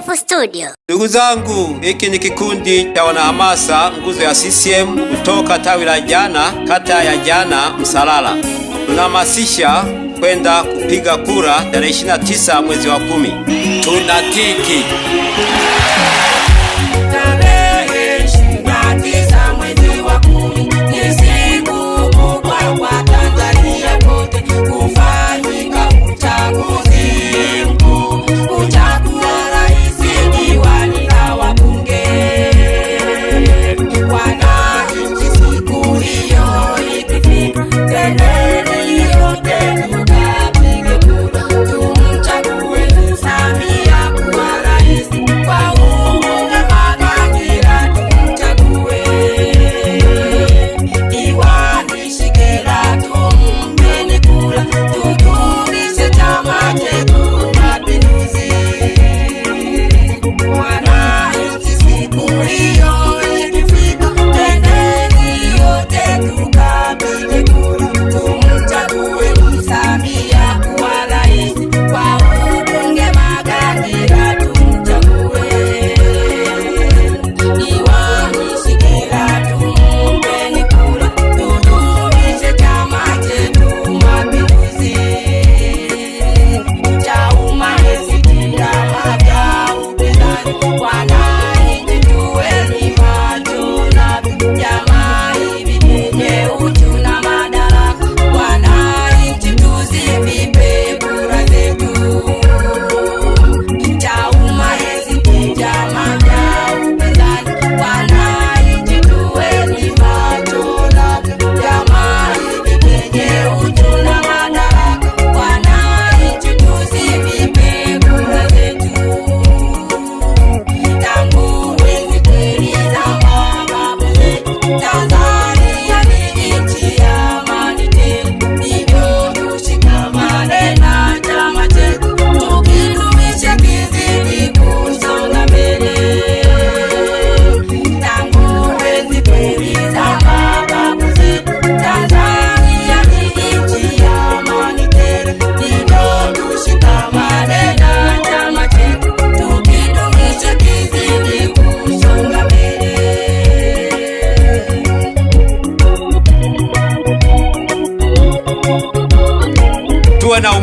TF Studio. Ndugu zangu, hiki ni kikundi cha wanahamasa nguzo ya CCM kutoka tawi la Jana, kata ya Jana Msalala. Tunahamasisha kwenda kupiga kura tarehe 29 mwezi wa kumi. Tunatiki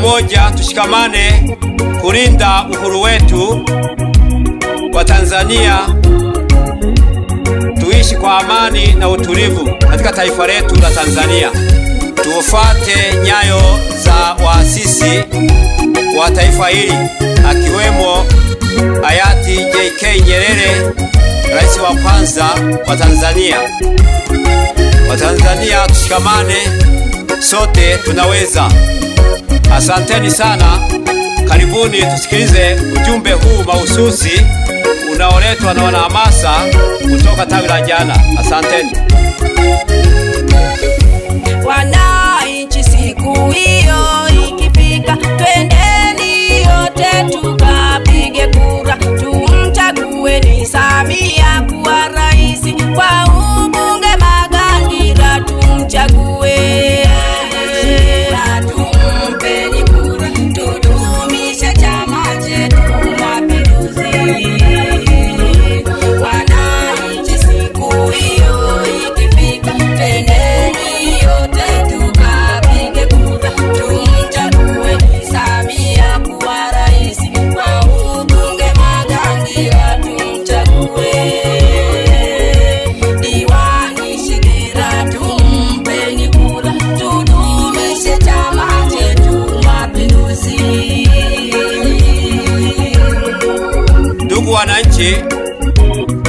pamoja tushikamane kulinda uhuru wetu wa Tanzania, tuishi kwa amani na utulivu katika taifa letu la Tanzania. Tufuate nyayo za waasisi wa taifa hili akiwemo hayati JK Nyerere, rais wa kwanza wa Tanzania. Watanzania tushikamane, sote tunaweza. Asanteni sana, karibuni tusikilize ujumbe huu mahususi unaoletwa na wanahamasa kutoka tawi la Jana. Asanteni wananchi, siku hiyo ikifika, twendeni yote tukapige kura, tumchague ni Samia kuwa rais kwa nchi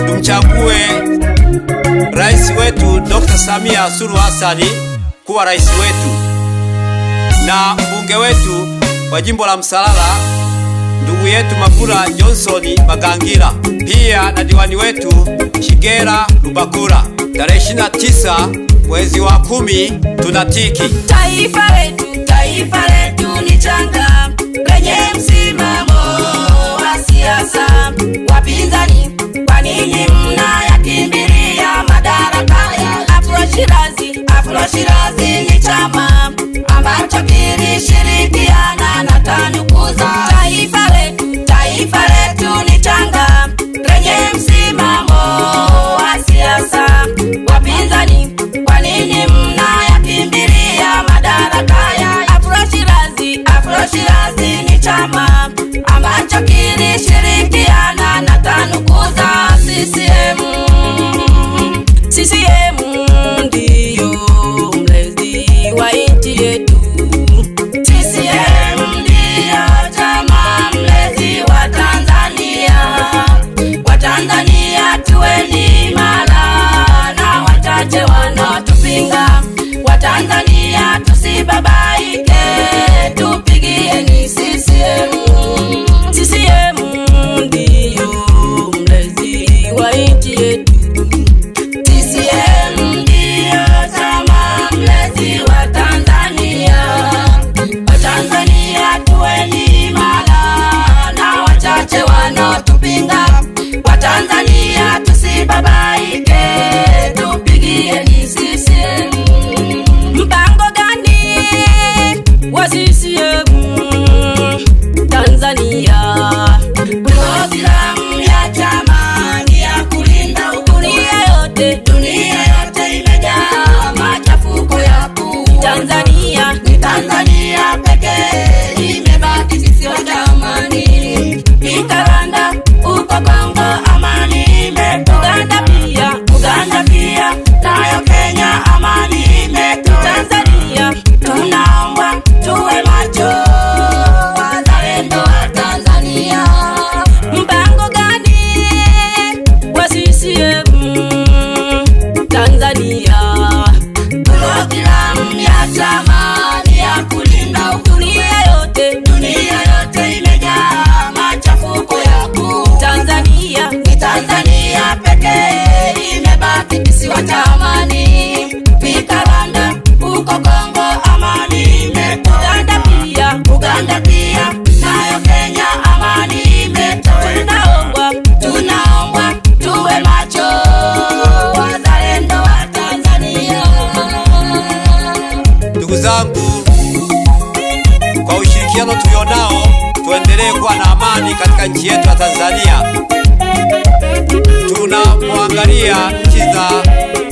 tumchague rais wetu Dr. Samia Suluhu Hassan kuwa rais wetu na mbunge wetu wa jimbo la Msalala ndugu yetu Mabula Johnson Magangira, pia na diwani wetu Shigera Rubakura. Tarehe 29 mwezi wa kumi tunatiki. Taifa letu, taifa letu ni changa lenye msimamo wa siasa. Wapinzani, kwa nini mnayakimbilia madaraka? Afro Shirazi, Afro Shirazi ni chama twenty eight. imebaki kisiwa cha amani, Mikalanda uko Kongo amani Uganda pia, Uganda pia nayo Kenya amani imetoweka. Tunaombwa, tuwe macho wazalendo wa Tanzania. Ndugu zangu, kwa ushirikiano tulionao tuendelee kuwa na amani katika nchi yetu ya Tanzania tunamwangalia kiza,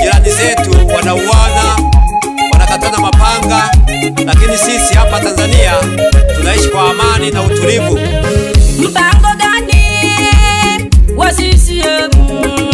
jirani zetu, wanauana, wanakatana mapanga, lakini sisi hapa Tanzania tunaishi kwa amani na utulivu. Mpango gani wa CCM?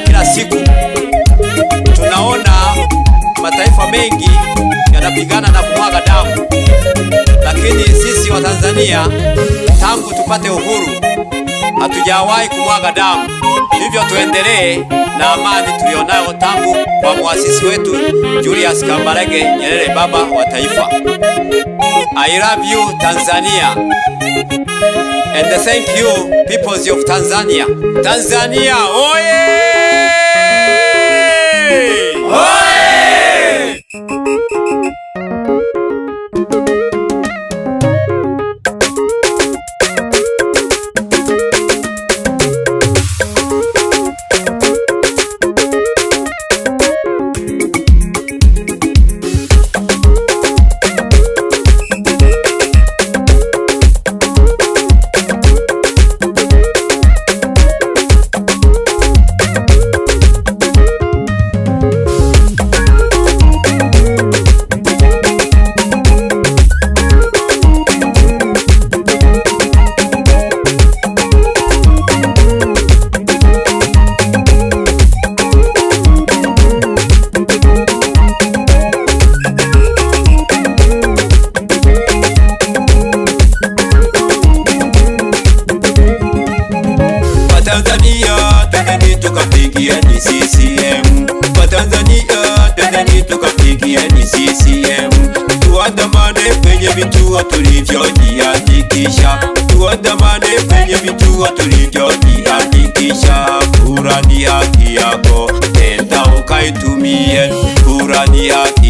kila siku, tunaona mataifa mengi yanapigana na kumwaga damu, lakini sisi wa Tanzania tangu tupate uhuru hatujawahi kumwaga damu. Hivyo tuendelee na amani tuliyonayo tangu kwa muasisi wetu Julius Kambarage Nyerere, baba wa taifa. I love you Tanzania and thank you peoples of Tanzania. Tanzania oye! Hey! tuandamane kwenye vituo tulivyojiandikisha, tuandamane kwenye vituo tulivyojiandikisha. Kura ni haki yako, enda ukaitumie. Kura ni haki